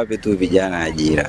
Wape tu vijana ajira.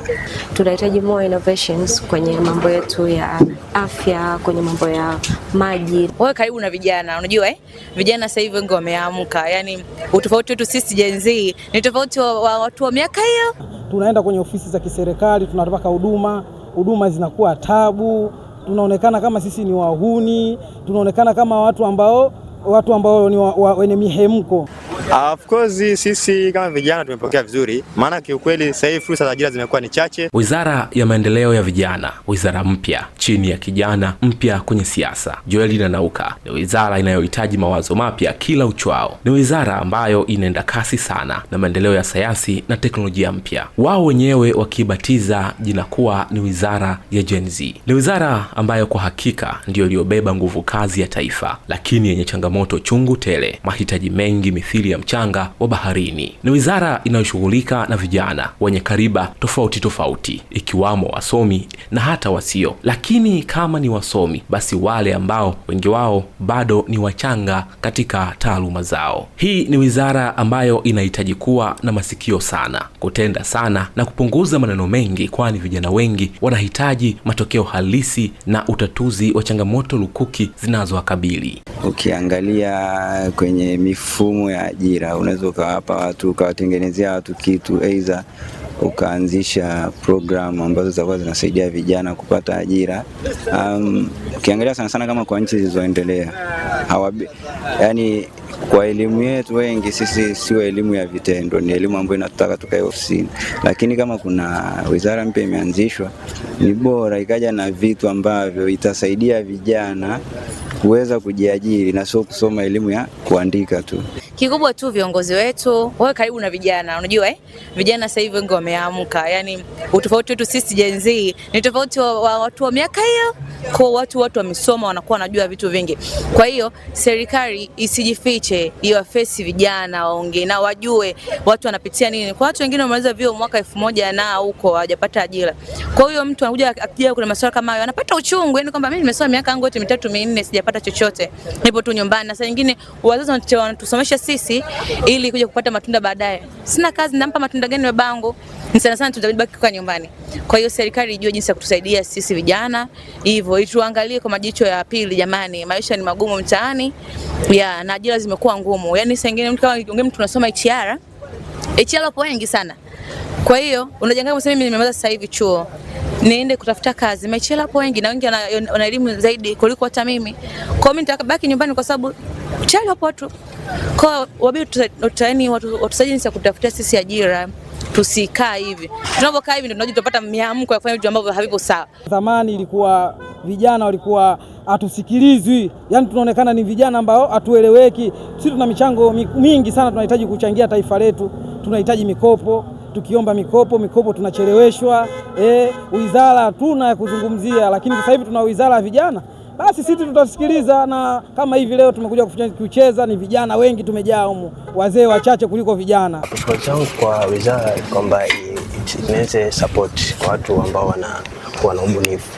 Tunahitaji more innovations kwenye mambo yetu ya afya, kwenye mambo ya maji. Wewe karibu na vijana, unajua eh? Vijana sasa hivi wengi wameamka. Yaani utofauti wetu sisi Gen Z ni tofauti wa watu wa miaka hiyo. Tunaenda kwenye ofisi za kiserikali, tunataka huduma, huduma zinakuwa tabu, tunaonekana kama sisi ni wahuni, tunaonekana kama watu ambao watu ambao ni wenye mihemko. Ah, of course sisi kama vijana tumepokea vizuri, maana kiukweli sasa hivi fursa za ajira zimekuwa ni chache. Wizara ya maendeleo ya vijana, wizara mpya chini ya kijana mpya kwenye siasa, Joel Nanauka, ni wizara inayohitaji mawazo mapya kila uchwao. Ni wizara ambayo inaenda kasi sana na maendeleo ya sayansi na teknolojia mpya, wao wenyewe wakibatiza jina kuwa ni wizara ya Gen Z. Ni wizara ambayo kwa hakika ndiyo iliyobeba nguvu kazi ya taifa, lakini yenye changamoto chungu tele, mahitaji mengi mithili ya mchanga wa baharini. Ni wizara inayoshughulika na vijana wenye kariba tofauti tofauti, ikiwamo wasomi na hata wasio. Lakini kama ni wasomi, basi wale ambao wengi wao bado ni wachanga katika taaluma zao. Hii ni wizara ambayo inahitaji kuwa na masikio sana, kutenda sana na kupunguza maneno mengi, kwani vijana wengi wanahitaji matokeo halisi na utatuzi wa changamoto lukuki zinazowakabili. Ukiangalia kwenye mifumo ya ajira. Unaweza ukawapa watu ukawatengenezea watu kitu, aidha ukaanzisha programu ambazo zitakuwa zinasaidia vijana kupata ajira. Um, Ukiangalia sana sana kama kwa nchi zilizoendelea hawabi, yani kwa elimu yetu wengi sisi sio elimu ya vitendo, ni elimu ambayo inatutaka tukae ofisini, lakini kama kuna wizara mpya imeanzishwa, ni bora ikaja na vitu ambavyo itasaidia vijana kuweza kujiajiri na sio kusoma elimu ya kuandika tu. Kikubwa tu viongozi wetu wawe karibu na vijana. Unajua eh? Vijana sasa hivi wengi wameamka, yani utofauti wetu sisi Gen Z ni tofauti wa wa watu wa miaka hiyo kwa watu watu wamesoma, wanakuwa wanajua vitu vingi. Kwa hiyo serikali isijifiche, iwafesi vijana, waongee na wajue watu wanapitia nini. Kwa watu wengine wamaliza vyuo mwaka elfu moja na huko hawajapata ajira, kwa hiyo mtu anakuja akija, kuna masuala kama hayo, anapata uchungu, yani kwamba mimi nimesoma miaka yangu yote mitatu minne, sijapata chochote, nipo tu nyumbani. Na saa nyingine wazazi wanatusomesha sisi ili kuja kupata matunda baadaye. Sina kazi, nampa matunda gani baba yangu? Ni sana sana tutabaki kwa nyumbani. Kwa hiyo serikali ijue jinsi ya kutusaidia sisi vijana hivyo, ituangalie kwa majicho ya pili. Jamani, maisha ni magumu mtaani ya na ajira zimekuwa ngumu. yaani Yani ingine mtu kama ongea mtu tunasoma HR, HR wapo wengi sana. Kwa hiyo unajangaa mseme mimi nimemaliza sasa hivi chuo niende kutafuta kazi. Maisha hapo wengi na wengi wana elimu zaidi kuliko hata mimi. Kwa hiyo mimi nitabaki nyumbani kwa sababu chali wapo watu kwa wabidi tutaeni watu watusaje jinsi ya kutafutia sisi ajira, tusikaa hivi. Tunapokaa hivi ndio tunapata miamko ya kufanya vitu ambavyo havipo sawa. Zamani ilikuwa vijana walikuwa hatusikilizwi, yani tunaonekana ni vijana ambao hatueleweki. Sisi tuna michango mingi sana, tunahitaji kuchangia taifa letu, tunahitaji mikopo tukiomba mikopo mikopo tunacheleweshwa. Eh, wizara hatuna ya kuzungumzia, lakini sasa hivi tuna wizara ya vijana basi sisi tutasikiliza. Na kama hivi leo tumekuja kucheza, ni vijana wengi tumejaa humu, wazee wachache kuliko vijana. Approach yangu kwa wizara kwamba inaweze support kwa watu ambao wana wana ubunifu,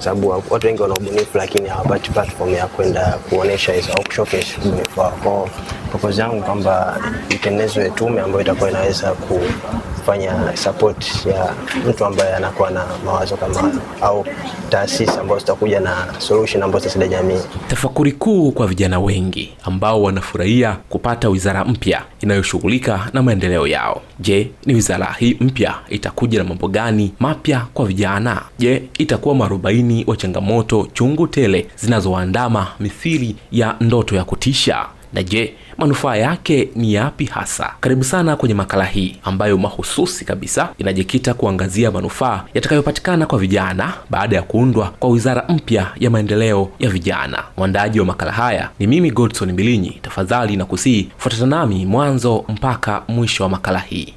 sababu watu wengi wana ubunifu lakini hawapati platform ya kwenda kuonesha hizo au showcase ubunifu wao. Kwa proposal yangu kwamba itengenezwe tume ambayo itakuwa inaweza ku kufanya support ya mtu ambaye anakuwa na mawazo kama hayo au taasisi ambazo zitakuja na solution ambazo zitasaidia jamii. Tafakuri kuu kwa vijana wengi ambao wanafurahia kupata wizara mpya inayoshughulika na maendeleo yao. Je, ni wizara hii mpya itakuja na mambo gani mapya kwa vijana? Je, itakuwa marubaini wa changamoto chungu tele zinazoandama mithili ya ndoto ya kutisha? na je, manufaa yake ni yapi hasa? Karibu sana kwenye makala hii ambayo mahususi kabisa inajikita kuangazia manufaa yatakayopatikana kwa vijana baada ya kuundwa kwa wizara mpya ya maendeleo ya vijana. Mwandaji wa makala haya ni mimi Godson bilinyi Tafadhali na kusii fuatana nami mwanzo mpaka mwisho wa makala hii.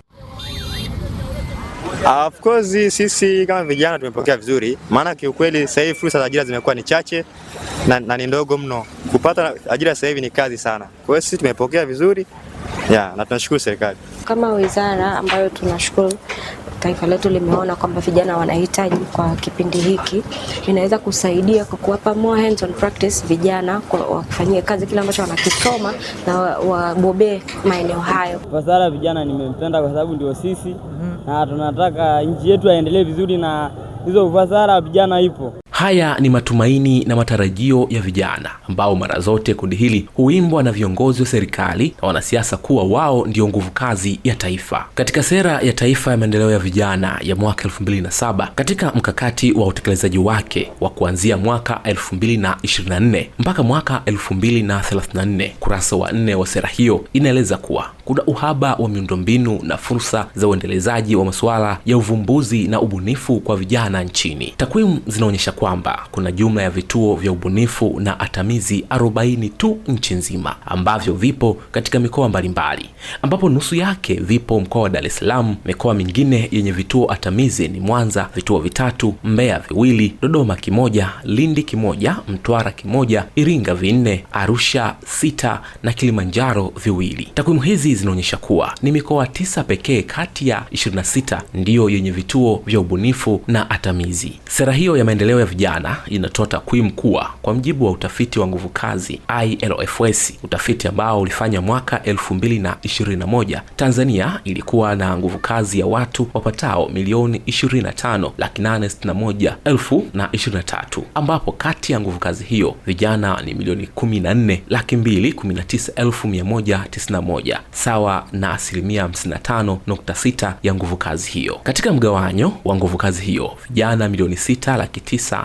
Ah, of course sisi kama vijana tumepokea vizuri, maana kiukweli sasa hivi fursa za ajira zimekuwa ni chache na, na ni ndogo mno. Kupata ajira sasa hivi ni kazi sana, kwa hiyo sisi tumepokea vizuri ya, na tunashukuru serikali kama wizara ambayo tunashukuru taifa letu limeona kwamba vijana wanahitaji kwa kipindi hiki, inaweza kusaidia kwa kuwapa more hands on practice vijana wafanyie kazi kile ambacho wanakisoma na wabobee maeneo hayo. Fasara vijana nimempenda kwa sababu ndio sisi mm -hmm. na tunataka nchi yetu aendelee vizuri na hizo ufasara vijana ipo. Haya ni matumaini na matarajio ya vijana ambao mara zote kundi hili huimbwa na viongozi wa serikali na wanasiasa kuwa wao ndio nguvu kazi ya taifa. Katika sera ya taifa ya maendeleo ya vijana ya mwaka 2007, katika mkakati wa utekelezaji wake wa kuanzia mwaka 2024 mpaka mwaka 2034, kurasa wa nne wa sera hiyo inaeleza kuwa kuna uhaba wa miundombinu na fursa za uendelezaji wa masuala ya uvumbuzi na ubunifu kwa vijana nchini. Takwimu zinaonyesha kwamba kuna jumla ya vituo vya ubunifu na atamizi 40 tu nchi nzima ambavyo vipo katika mikoa mbalimbali, ambapo nusu yake vipo mkoa wa Dar es Salaam. Mikoa mingine yenye vituo atamizi ni Mwanza vituo vitatu, Mbeya viwili, Dodoma kimoja, Lindi kimoja, Mtwara kimoja, Iringa vinne, Arusha sita na Kilimanjaro viwili. Takwimu hizi zinaonyesha kuwa ni mikoa tisa pekee kati ya 26 ndiyo yenye vituo vya ubunifu na atamizi. Sera hiyo ya maendeleo ya vijana inatoa takwimu kuwa kwa mjibu wa utafiti wa nguvu kazi ILFS, utafiti ambao ulifanya mwaka 2021, Tanzania ilikuwa na nguvu kazi ya watu wapatao milioni 25 ambapo kati ya nguvu kazi hiyo vijana ni milioni 14 laki mbili sawa na asilimia 55.6 ya nguvu kazi hiyo. Katika mgawanyo wa nguvu kazi hiyo, vijana milioni 6 laki 9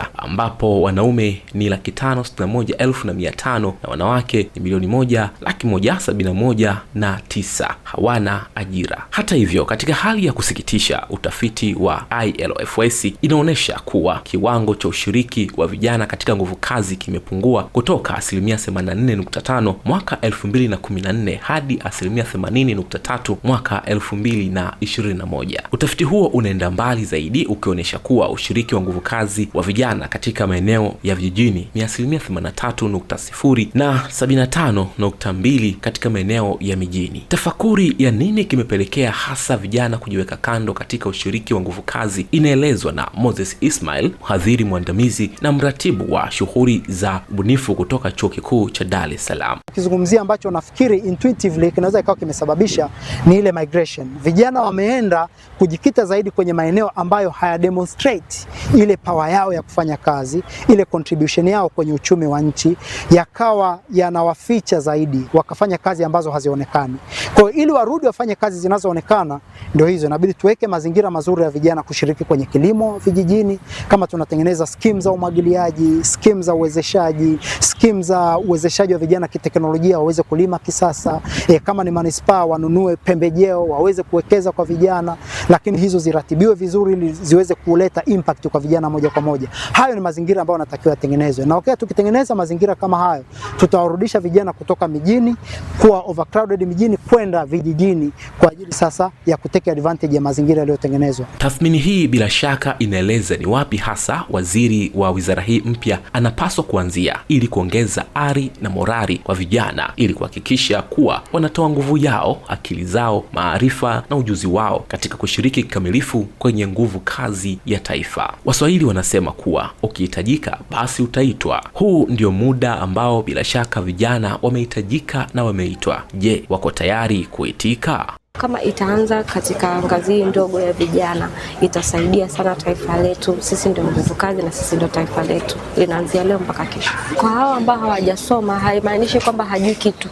tisa ambapo wanaume ni laki tano sitini na moja elfu na mia tano na wanawake ni milioni moja laki moja na moja na tisa hawana ajira. Hata hivyo, katika hali ya kusikitisha, utafiti wa ilofs inaonyesha kuwa kiwango cha ushiriki wa vijana katika nguvu kazi kimepungua kutoka asilimia 84.5 mwaka 2014 hadi asilimia 80.3 mwaka 2021. Utafiti huo unaenda mbali zaidi ukionyesha kuwa ushiriki wa nguvu kazi wa vijana vijana katika maeneo ya vijijini ni asilimia 83.0 na 75.2 katika maeneo ya mijini. Tafakuri ya nini kimepelekea hasa vijana kujiweka kando katika ushiriki wa nguvu kazi inaelezwa na Moses Ismail, mhadhiri mwandamizi na mratibu wa shughuli za ubunifu kutoka Chuo Kikuu cha Dar es Salaam. Kizungumzia ambacho nafikiri intuitively kinaweza ikawa kimesababisha ni ile migration. Vijana wameenda kujikita zaidi kwenye maeneo ambayo haya demonstrate ile power yao ya kufanya kazi, ile contribution yao kwenye uchumi wa nchi yakawa yanawaficha zaidi, wakafanya kazi ambazo hazionekani. Kwa hiyo ili warudi wafanye kazi zinazoonekana, ndio hizo, inabidi tuweke mazingira mazuri ya vijana kushiriki kwenye kilimo vijijini, kama tunatengeneza skimu za umwagiliaji, skimu za uwezeshaji, skimu za uwezeshaji wa vijana kiteknolojia waweze kulima kisasa. E, kama ni manispaa wanunue pembejeo waweze kuwekeza kwa vijana, lakini hizo ziratibiwe vizuri ili ziweze kuleta impact kwa vijana moja kwa moja. Hayo ni mazingira ambayo yanatakiwa yatengenezwe, na okay, tukitengeneza mazingira kama hayo, tutawarudisha vijana kutoka mijini kuwa overcrowded mijini kwenda vijijini kwa ajili sasa ya kuteka advantage ya mazingira yaliyotengenezwa. Tathmini hii bila shaka inaeleza ni wapi hasa waziri wa wizara hii mpya anapaswa kuanzia ili kuongeza ari na morali kwa vijana ili kuhakikisha kuwa wanatoa nguvu yao, akili zao, maarifa na ujuzi wao katika kushiriki kikamilifu kwenye nguvu kazi ya taifa. Waswahili wanasema kuwa ukihitajika basi utaitwa. Huu ndio muda ambao bila shaka vijana wamehitajika na wameitwa. Je, wako tayari kuitika? Kama itaanza katika ngazi hii ndogo ya vijana, itasaidia sana taifa letu. Sisi ndio nguvu kazi na sisi ndio taifa letu, linaanzia leo mpaka kesho. Kwa hao ambao hawajasoma, haimaanishi kwamba hajui kitu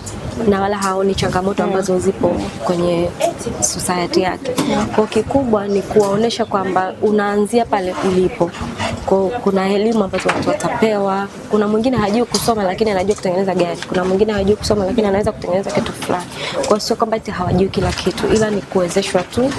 na wala haoni changamoto mm. ambazo zipo kwenye society yake. Kwa kikubwa ni kuwaonesha kwamba unaanzia pale ulipo. Kwa kuna elimu ambazo watu watapewa. Kuna mwingine hajui kusoma lakini anajua kutengeneza gari. Kuna mwingine hajui kusoma lakini anaweza kutengeneza kitu fulani. Kwa sio kwamba hawajui kila kitu vitu, ila ni kuwezeshwa tu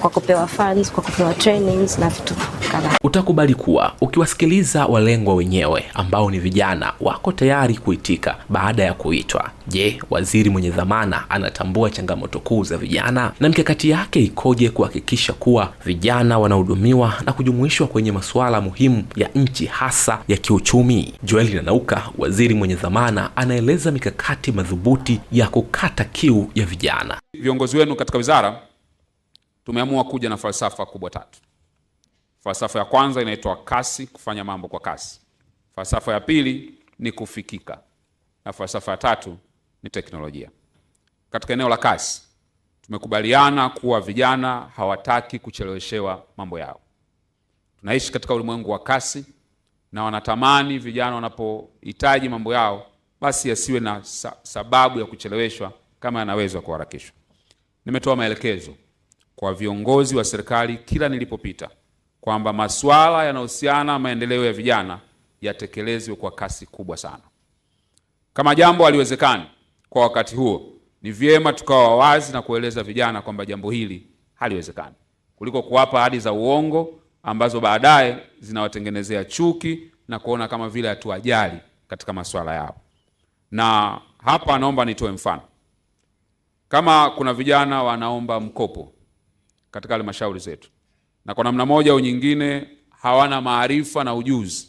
kwa kupewa funds, kwa kupewa trainings na vitu kadhaa utakubali kuwa ukiwasikiliza walengwa wenyewe ambao ni vijana wako tayari kuitika baada ya kuitwa. Je, waziri mwenye dhamana anatambua changamoto kuu za vijana na mikakati yake ikoje kuhakikisha kuwa vijana wanahudumiwa na kujumuishwa kwenye masuala muhimu ya nchi hasa ya kiuchumi? Joel Nanauka, waziri mwenye dhamana, anaeleza mikakati madhubuti ya kukata kiu ya vijana. Viongozi wenu katika wizara tumeamua kuja na falsafa kubwa tatu. Falsafa ya kwanza inaitwa kasi, kufanya mambo kwa kasi. Falsafa ya pili ni kufikika, na falsafa ya tatu ni teknolojia. Katika eneo la kasi, tumekubaliana kuwa vijana hawataki kucheleweshewa mambo yao. Tunaishi katika ulimwengu wa kasi, na wanatamani vijana wanapohitaji mambo yao basi yasiwe na sababu ya kucheleweshwa kama yanaweza kuharakishwa. Nimetoa maelekezo kwa viongozi wa serikali kila nilipopita kwamba masuala yanayohusiana maendeleo ya vijana yatekelezwe kwa kasi kubwa sana. Kama jambo haliwezekani kwa wakati huo, ni vyema tukawa wazi na kueleza vijana kwamba jambo hili haliwezekani, kuliko kuwapa ahadi za uongo ambazo baadaye zinawatengenezea chuki na kuona kama vile hatuwajali katika masuala yao. Na hapa naomba nitoe mfano. Kama kuna vijana wanaomba mkopo katika halmashauri zetu na kwa namna moja au nyingine hawana maarifa na ujuzi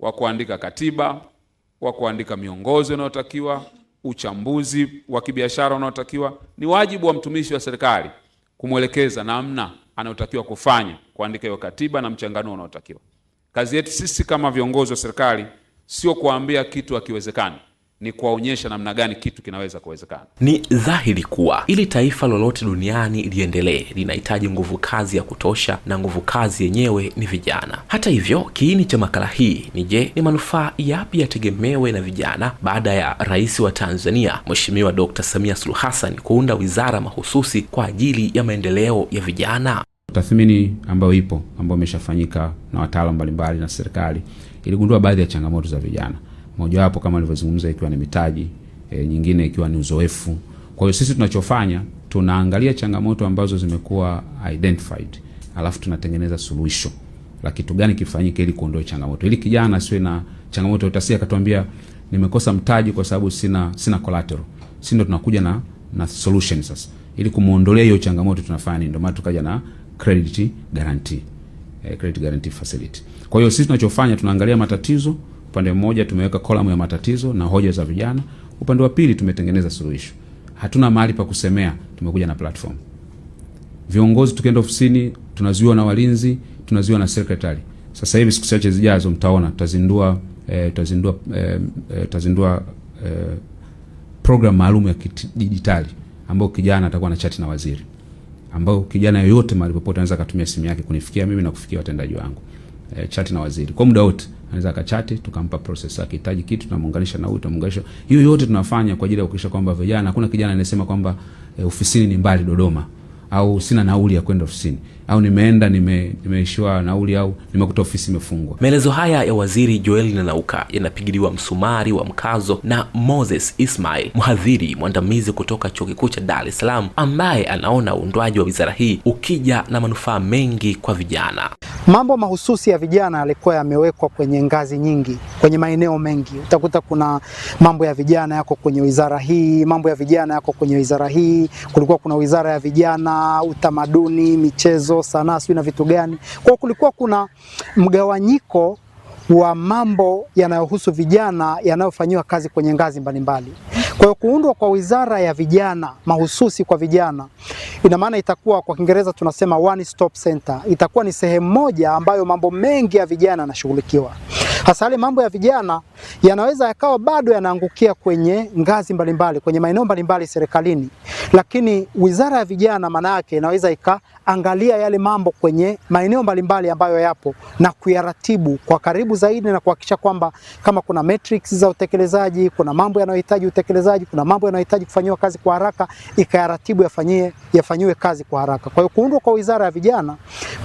wa kuandika katiba, wa kuandika miongozo inayotakiwa, uchambuzi wa kibiashara unaotakiwa. Ni wajibu wa mtumishi wa serikali kumwelekeza namna anayotakiwa kufanya kuandika hiyo katiba na mchanganuo unaotakiwa. Kazi yetu sisi kama viongozi wa serikali sio kuambia kitu hakiwezekani ni kuwaonyesha namna gani kitu kinaweza kuwezekana. Ni dhahiri kuwa ili taifa lolote duniani liendelee linahitaji nguvu kazi ya kutosha, na nguvu kazi yenyewe ni vijana. Hata hivyo, kiini cha makala hii ni je, ni manufaa yapi yategemewe na vijana baada ya Rais wa Tanzania Mheshimiwa Dkt. Samia Suluhu Hassan kuunda wizara mahususi kwa ajili ya maendeleo ya vijana? Tathmini ambayo ipo ambayo imeshafanyika na wataalam mbalimbali na serikali iligundua baadhi ya changamoto za vijana mojawapo kama nilivyozungumza ikiwa ni mitaji e, nyingine ikiwa ni uzoefu. Kwa hiyo sisi tunachofanya tunaangalia changamoto ambazo zimekuwa identified, alafu tunatengeneza suluhisho la kitu gani kifanyike ili kuondoa changamoto, ili kijana asiwe na changamoto utasia akatuambia nimekosa mtaji kwa sababu sina sina collateral. Sisi ndo tunakuja na na solution sasa, ili kumuondolea hiyo changamoto tunafanya nini? Ndio maana tukaja na credit guarantee, eh, credit guarantee facility. Kwa hiyo sisi tunachofanya tunaangalia matatizo Upande mmoja tumeweka kolamu ya matatizo na hoja za vijana, upande wa pili tumetengeneza suluhisho. Hatuna mahali pa kusemea, tumekuja na platform. Viongozi tukienda ofisini tunaziwa na walinzi, tunaziwa na sekretari. Sasa hivi siku chache zijazo mtaona tutazindua eh, tutazindua e, tutazindua e, program maalum ya kidijitali ambayo kijana atakuwa na chat na waziri, ambayo kijana yoyote mahali popote anaweza akatumia simu yake kunifikia mimi na kufikia watendaji wangu. e, chat na waziri kwa muda wote anaweza akachati, tukampa process, akihitaji kitu tunamuunganisha na huyu, tunamuunganisha hiyo. Yote tunafanya kwa ajili ya kuhakikisha kwamba vijana, hakuna kijana anayesema kwamba eh, ofisini ni mbali Dodoma au sina nauli ya kwenda ofisini au nimeenda nime, nimeishiwa nauli au nimekuta ofisi imefungwa. Maelezo haya ya Waziri Joel Nanauka yanapigiliwa msumari wa mkazo na Moses Ismail, mhadhiri mwandamizi kutoka Chuo Kikuu cha Dar es Salaam, ambaye anaona uundwaji wa wizara hii ukija na manufaa mengi kwa vijana. Mambo mahususi ya vijana yalikuwa yamewekwa kwenye ngazi nyingi, kwenye maeneo mengi. Utakuta kuna mambo ya vijana yako kwenye wizara hii, mambo ya vijana yako kwenye wizara hii, kulikuwa kuna wizara ya vijana utamaduni, michezo, sanaa, sijui na vitu gani. Kwa kulikuwa kuna mgawanyiko wa mambo yanayohusu vijana yanayofanyiwa kazi kwenye ngazi mbalimbali. Kwa hiyo kuundwa kwa wizara ya vijana mahususi kwa vijana, ina maana itakuwa kwa Kiingereza tunasema one stop center, itakuwa ni sehemu moja ambayo mambo mengi ya vijana yanashughulikiwa. Hasa yale mambo ya vijana yanaweza yakawa bado yanaangukia kwenye ngazi mbalimbali kwenye maeneo mbalimbali serikalini, lakini wizara ya vijana maana yake inaweza ikaangalia yale mambo kwenye maeneo mbalimbali ambayo yapo na kuyaratibu kwa karibu zaidi na kuhakikisha kwamba kama kuna metrics za utekelezaji, kuna mambo yanayohitaji utekelezaji, kuna mambo yanayohitaji kufanyiwa kazi kwa haraka, ikayaratibu yafanyie yafanyiwe kazi kwa haraka. Kwa hiyo kuundwa kwa wizara ya vijana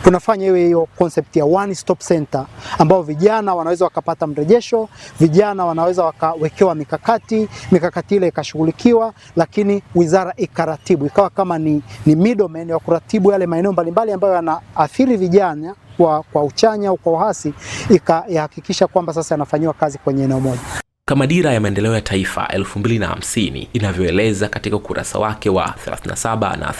kunafanya iwe hiyo concept ya one stop center ambao vijana wanaweza wanaweza wakapata mrejesho, vijana wanaweza wakawekewa mikakati, mikakati ile ikashughulikiwa, lakini wizara ikaratibu, ikawa kama ni, ni middleman ya kuratibu yale maeneo mbalimbali ambayo yanaathiri vijana kwa, kwa uchanya au kwa uhasi, ikahakikisha kwamba sasa yanafanyiwa kazi kwenye eneo moja kama Dira ya Maendeleo ya Taifa 2050 inavyoeleza katika ukurasa wake wa 37 na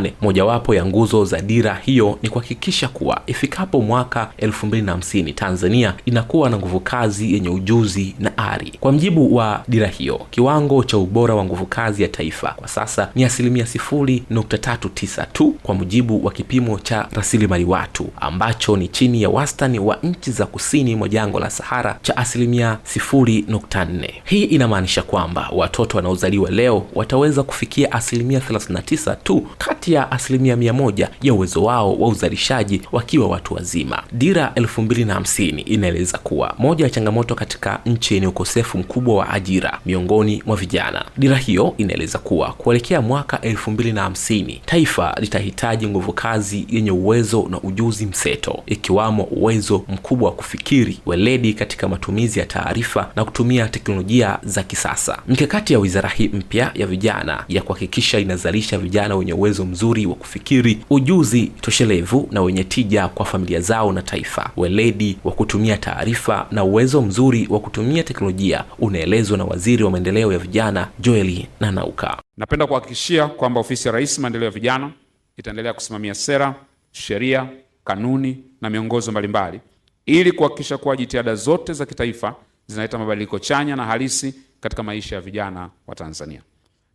38. Mojawapo ya nguzo za dira hiyo ni kuhakikisha kuwa ifikapo mwaka 2050 Tanzania inakuwa na nguvu kazi yenye ujuzi na ari. Kwa mjibu wa dira hiyo, kiwango cha ubora wa nguvu kazi ya taifa kwa sasa ni asilimia sifuri nukta tatu tisa tu kwa mujibu wa kipimo cha rasilimali watu ambacho ni chini ya wastani wa nchi za kusini mwa jangwa la Sahara cha asilimia sifuri nukta nne. Hii inamaanisha kwamba watoto wanaozaliwa leo wataweza kufikia asilimia 39 tu kati ya asilimia mia moja ya uwezo wao wa uzalishaji wakiwa watu wazima. Dira elfu mbili na hamsini inaeleza kuwa moja ya changamoto katika nchi yenye ukosefu mkubwa wa ajira miongoni mwa vijana. Dira hiyo inaeleza kuwa kuelekea mwaka 2050 taifa litahitaji nguvu kazi yenye uwezo na ujuzi mseto, ikiwamo uwezo mkubwa wa kufikiri, weledi katika matumizi ya taarifa na kutumia teknolojia za kisasa. Mikakati ya wizara hii mpya ya vijana ya kuhakikisha inazalisha vijana wenye uwezo mzuri wa kufikiri, ujuzi toshelevu na wenye tija kwa familia zao na taifa, weledi wa kutumia taarifa na uwezo mzuri wa kutumia teknolojia teknolojia unaelezwa na waziri wa maendeleo ya vijana joeli Nanauka. Napenda kuhakikishia kwamba ofisi ya Rais maendeleo ya vijana itaendelea kusimamia sera, sheria, kanuni na miongozo mbalimbali ili kuhakikisha kuwa jitihada zote za kitaifa zinaleta mabadiliko chanya na halisi katika maisha ya vijana wa Tanzania.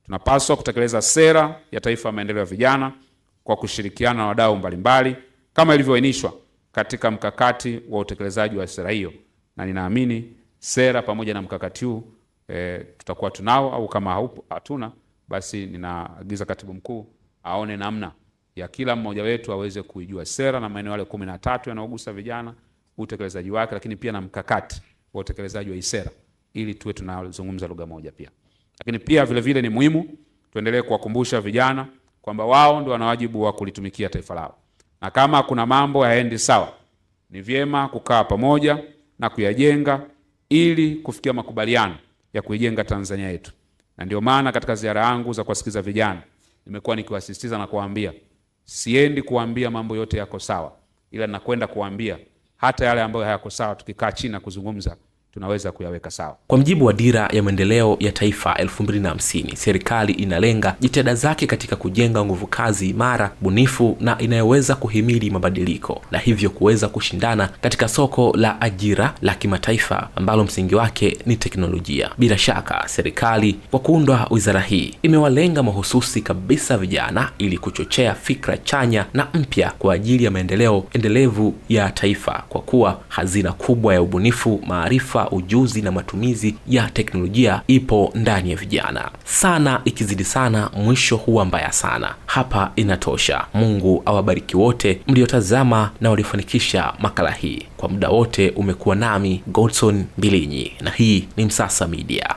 Tunapaswa kutekeleza sera ya taifa ya maendeleo ya vijana kwa kushirikiana na wadau mbalimbali kama ilivyoainishwa katika mkakati wa utekelezaji wa sera hiyo, na ninaamini sera pamoja na mkakati huu e, tutakuwa tunao au kama haupo, hatuna basi, ninaagiza katibu mkuu aone namna ya kila mmoja wetu aweze kuijua sera na maeneo yale kumi na tatu yanayogusa vijana, utekelezaji wake, lakini pia na mkakati wa utekelezaji wa sera, ili tuwe tunazungumza lugha moja pia. Lakini pia vile vile ni muhimu tuendelee kuwakumbusha vijana kwamba wao ndio wana wajibu wa kulitumikia taifa lao, na kama kuna mambo hayaendi sawa, ni vyema kukaa pamoja na kuyajenga ili kufikia makubaliano ya kuijenga Tanzania yetu. Na ndio maana katika ziara yangu za kuwasikiza vijana nimekuwa nikiwasisitiza na kuwaambia, siendi kuambia mambo yote yako sawa, ila nakwenda kuambia hata yale ambayo hayako sawa, tukikaa chini na kuzungumza tunaweza kuyaweka sawa. Kwa mjibu wa Dira ya Maendeleo ya Taifa 2050, serikali inalenga jitihada zake katika kujenga nguvu kazi imara, bunifu na inayoweza kuhimili mabadiliko na hivyo kuweza kushindana katika soko la ajira la kimataifa ambalo msingi wake ni teknolojia. Bila shaka, serikali kwa kuundwa wizara hii imewalenga mahususi kabisa vijana ili kuchochea fikra chanya na mpya kwa ajili ya maendeleo endelevu ya taifa, kwa kuwa hazina kubwa ya ubunifu, maarifa ujuzi na matumizi ya teknolojia ipo ndani ya vijana sana, ikizidi sana mwisho huwa mbaya sana. Hapa inatosha. Mungu awabariki wote mliotazama na waliofanikisha makala hii. Kwa muda wote umekuwa nami Godson Mbilinyi, na hii ni Msasa Media.